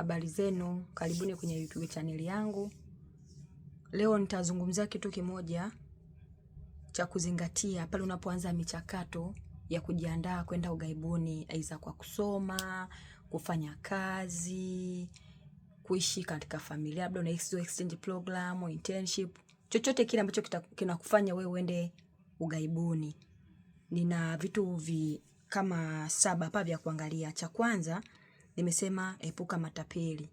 Habari zenu, karibuni kwenye YouTube chaneli yangu. Leo nitazungumzia kitu kimoja cha kuzingatia pale unapoanza michakato ya kujiandaa kwenda ugaibuni, aidha kwa kusoma, kufanya kazi, kuishi katika familia, labda una exchange program, internship, chochote kile ambacho kinakufanya wewe uende ugaibuni. Nina vitu vi kama saba hapa vya kuangalia. Cha kwanza nimesema epuka matapeli.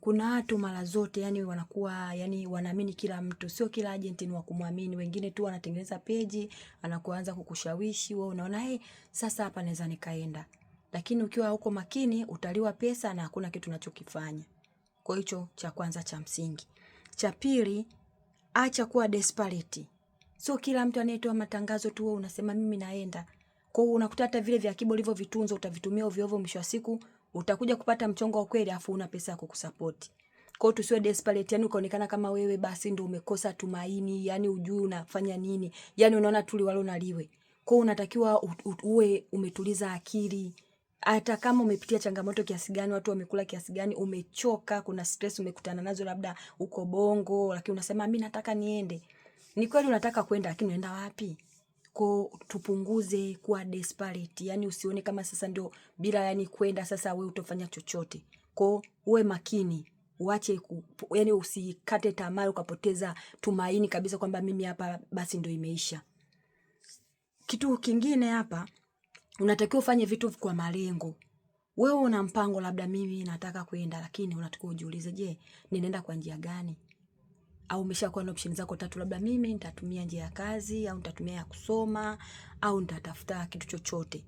Kuna watu mara zote yani wanakuwa yani wanaamini kila mtu, sio kila ajenti ni wa kumwamini. Wengine tu wanatengeneza peji, anakuanza kukushawishi wewe, unaona hey, eh, sasa hapa naweza nikaenda, lakini ukiwa huko makini utaliwa pesa na hakuna kitu unachokifanya. Kwa hicho cha kwanza cha msingi. Cha pili, acha kuwa desperate. Sio kila mtu anayetoa matangazo tu wewe unasema mimi naenda. Kwa hiyo unakuta hata vile vya akiba ulivyovitunza utavitumia ovyo ovyo, mwisho wa siku utakuja kupata mchongo wa kweli, afu una pesa ya kukusapoti. Kwa hiyo tusiwe desperate, yani ukaonekana kama wewe basi ndio umekosa tumaini, yani ujui unafanya nini, yani unaona tuli wala unaliwe. Kwa hiyo unatakiwa uwe umetuliza akili hata kama umepitia changamoto kiasi gani, watu wamekula kiasi gani, umechoka, kuna stress umekutana nazo, labda uko Bongo, lakini unasema mimi nataka niende. Ni kweli unataka kwenda, lakini unaenda wapi? ko tupunguze kuwa desperate, yani usione kama sasa ndio bila yani kwenda sasa we utofanya chochote ko uwe makini uache ku, yani usikate tamaa ukapoteza tumaini kabisa kwamba mimi hapa basi ndio imeisha. Kitu kingine hapa, unatakiwa ufanye vitu kwa malengo. Wewe una mpango, labda mimi nataka kwenda, lakini unatakiwa ujiulize, je, ninaenda kwa njia gani? au umeshakuwa na option zako tatu, labda mimi nitatumia njia ya kazi au nitatumia ya kusoma au nitatafuta kitu chochote.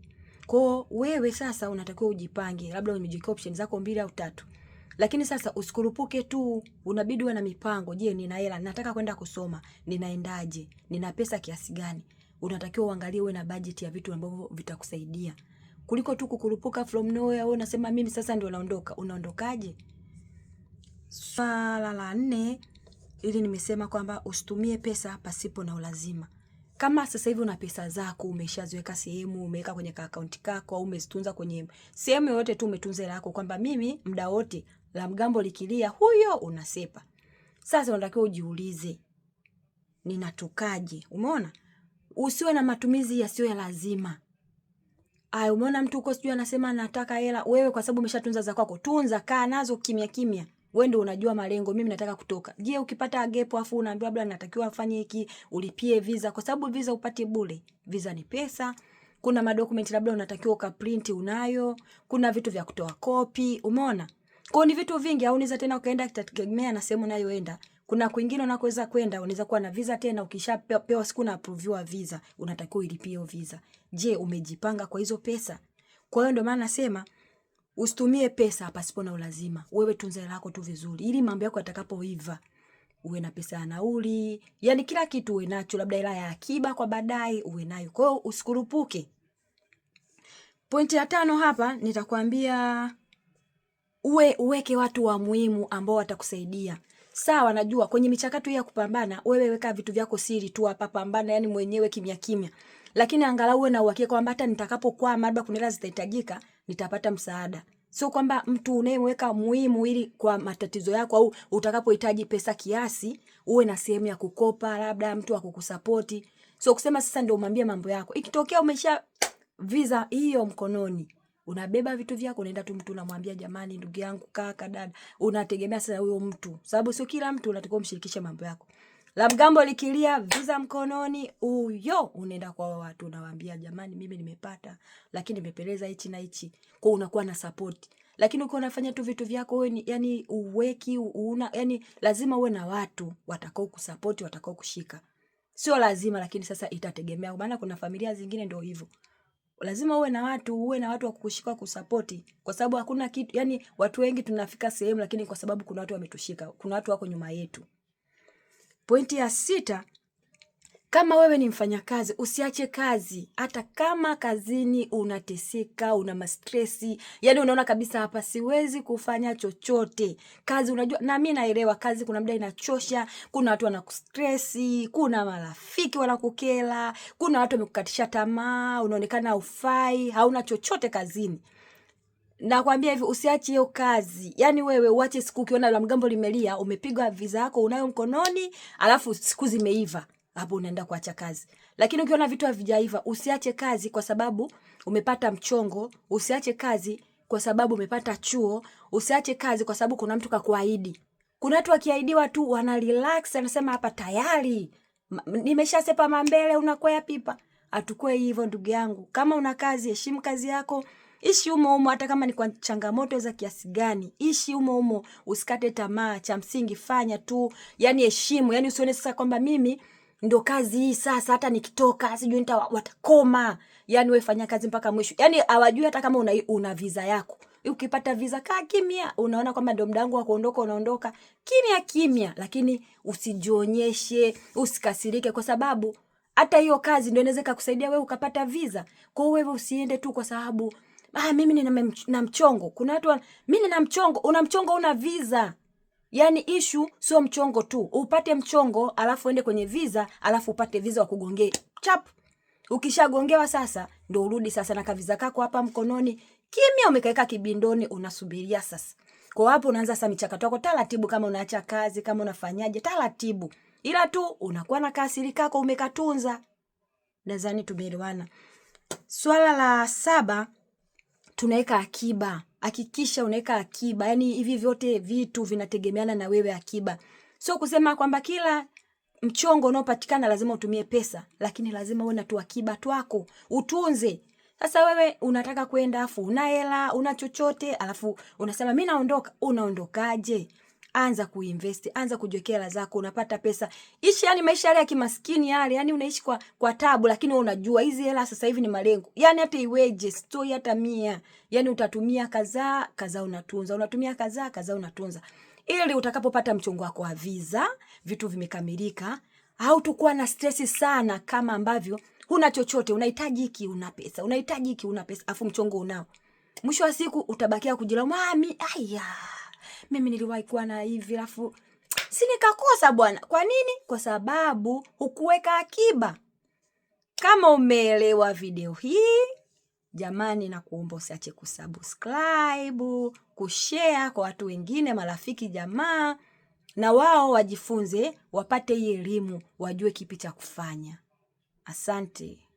Kwa wewe sasa unatakiwa ujipange, labda umejiwekea option zako mbili au tatu. Lakini sasa usikurupuke tu, unabidi uwe na mipango. Je, nina hela, nataka kwenda kusoma, ninaendaje? Nina pesa kiasi gani? Unatakiwa uangalie, uwe na bajeti ya vitu ambavyo vitakusaidia kuliko tu kukurupuka from nowhere. Wewe unasema mimi sasa ndio naondoka, unaondokaje? Swala la nne ili nimesema kwamba usitumie pesa pasipo na ulazima. Kama sasa hivi una pesa zako umeshaziweka sehemu, umeweka kwenye akaunti kako au umezitunza kwenye sehemu yoyote tu, umetunza hela yako kwamba mimi muda wote la mgambo likilia huyo unasepa. Sasa unatakiwa ujiulize, ninatokaje? Umeona, usiwe na matumizi yasiyo ya lazima. Ay, umeona mtu uko sijui anasema nataka hela, wewe kwa sababu umeshatunza za kwako, tunza, kaa nazo kimya kimya wewe ndio unajua malengo, mimi nataka kutoka. Je, ukipata gepo afu unaambiwa labda natakiwa afanye hiki, ulipie visa, kwa sababu visa upati bure. Visa ni pesa. Kuna madokumenti labda unatakiwa ukaprint, unayo. Kuna vitu vya kutoa kopi, umeona? Kwa ni vitu vingi, au unaweza tena ukaenda, kitategemea na sehemu unayoenda. Kuna kwingine unakoweza kwenda, unaweza kuwa na visa tena, ukishapewa siku na approve visa, unatakiwa ulipie hiyo visa. Je, umejipanga kwa hizo pesa? Kwa hiyo ndio maana nasema Usitumie pesa pasipo na ulazima. Wewe tunza lako tu vizuri, ili mambo yako yatakapoiva uwe na pesa ya nauli, yani kila kitu uwe nacho, labda hela ya akiba kwa baadaye uwe nayo. Kwa hiyo usikurupuke. Pointi ya tano hapa nitakwambia uwe uweke watu wa muhimu ambao watakusaidia. Sawa, najua kwenye michakato ya kupambana, wewe weka vitu vyako siri tu hapa, pambana yani mwenyewe kimya kimya, lakini angalau uwe na uhakika kwamba hata nitakapokwama, labda kuna hela zitahitajika, nitapata msaada. Sio kwamba mtu unayemweka muhimu ili kwa matatizo yako, au utakapohitaji pesa kiasi uwe na sehemu ya kukopa, labda mtu wa kukusapoti. Sio kusema sasa ndio umwambie mambo yako, ikitokea umesha visa hiyo mkononi unabeba vitu vyako unaenda tu mtu unamwambia, jamani, ndugu yangu, kaka, dada, unategemea sasa huyo mtu, sababu sio kila mtu unatakiwa umshirikishe mambo yako la mgambo likilia viza mkononi, huyo unaenda kwa watu unawaambia, jamani, mimi nimepata, lakini nimepeleza hichi na hichi, kwa unakuwa na support. Lakini uko unafanya tu vitu vyako wewe ni yani uweki una yani, lazima uwe na watu watakao kusupport, watakao kushika. Sio lazima, lakini sasa itategemea, maana kuna familia zingine ndio hivyo lazima uwe na watu uwe na watu wa kukushika kusapoti, kwa sababu hakuna kitu yani, watu wengi tunafika sehemu, lakini kwa sababu kuna watu wametushika, kuna watu wako nyuma yetu. Pointi ya sita, kama wewe ni mfanyakazi usiache kazi, hata kama kazini unateseka, una mastresi, yani unaona kabisa hapa siwezi kufanya chochote. Kazi unajua, na mimi naelewa kazi, kuna muda inachosha, kuna watu wanakustresi, kuna marafiki wanakukela kuna watu wamekukatisha tamaa, unaonekana ufai hauna chochote kazini nakwambia hivi, usiache hiyo kazi. Yani wewe uache siku, ukiona la mgambo limelia, umepigwa visa yako unayo mkononi, alafu siku zimeiva, hapo unaenda kuacha kazi. Lakini ukiona vitu havijaiva, usiache kazi kwa sababu umepata mchongo, usiache kazi kwa sababu umepata chuo, usiache kazi kwa sababu kuna mtu kakuahidi. Kuna watu wakiahidiwa tu wana relax, anasema hapa tayari nimeshasepa mambele, unakwea pipa. Atukue hivyo ndugu yangu, kama una kazi heshimu kazi yako ishi umo umo, hata kama ni kwa changamoto za kiasi gani, ishi umo umo, usikate tamaa. Cha msingi fanya tu, yani heshimu, yani usione sasa kwamba mimi ndo kazi hii sasa, hata nikitoka sijui nita watakoma. Yani wewe fanya kazi mpaka mwisho, yani hawajui hata kama una, una visa yako. Ukipata visa kaa kimya, unaona kwamba ndio mda wangu wa kuondoka, unaondoka kimya kimya, lakini usijionyeshe, usikasirike, kwa sababu hata hiyo kazi ndio inaweza kukusaidia wewe ukapata visa. Kwa hiyo wewe usiende tu kwa sababu ah, mimi nina mchongo. Kuna watu mimi nina mchongo, una mchongo, una visa. Yaani ishu sio mchongo tu, upate mchongo alafu ende kwenye visa, alafu upate visa wa kugongea chap. Ukishagongewa sasa, ndo urudi sasa na kaviza kako hapa mkononi, kimya, umekaeka kibindoni, unasubiria sasa. Kwa hapo unaanza sasa michakato yako taratibu, kama unaacha kazi, kama unafanyaje, taratibu, ila tu unakuwa na kasiri kako umekatunza. Nadhani tumeelewana. Swala la saba tunaweka akiba. Hakikisha unaweka akiba, yani hivi vyote vitu vinategemeana na wewe akiba. Sio kusema kwamba kila mchongo unaopatikana lazima utumie pesa, lakini lazima uwe na tu akiba twako utunze. Sasa wewe unataka kwenda afu una hela una chochote, alafu unasema mi naondoka, unaondokaje? anza kuinvest, anza kujiwekea hela zako, unapata pesa. Ishi yani maisha yale ya kimaskini yale, yani unaishi kwa kwa tabu, lakini wewe unajua hizi hela sasa hivi ni malengo. Yani hata iweje stoi hata mia, yani utatumia kadhaa kadhaa unatunza, unatumia kadhaa kadhaa unatunza, ili utakapopata mchongo wako wa visa vitu vimekamilika, au tukuwa na stress sana kama ambavyo huna chochote, unahitaji hiki una pesa, unahitaji hiki una pesa, afu mchongo unao, mwisho wa siku utabakia kujilaumu. Mami aya mimi niliwahi kuwa na hivi alafu si nikakosa bwana. Kwa nini? Kwa sababu hukuweka akiba. Kama umeelewa video hii jamani, na kuomba usiache kusubscribe, kushare kwa watu wengine, marafiki, jamaa, na wao wajifunze, wapate hii elimu, wajue kipi cha kufanya. Asante.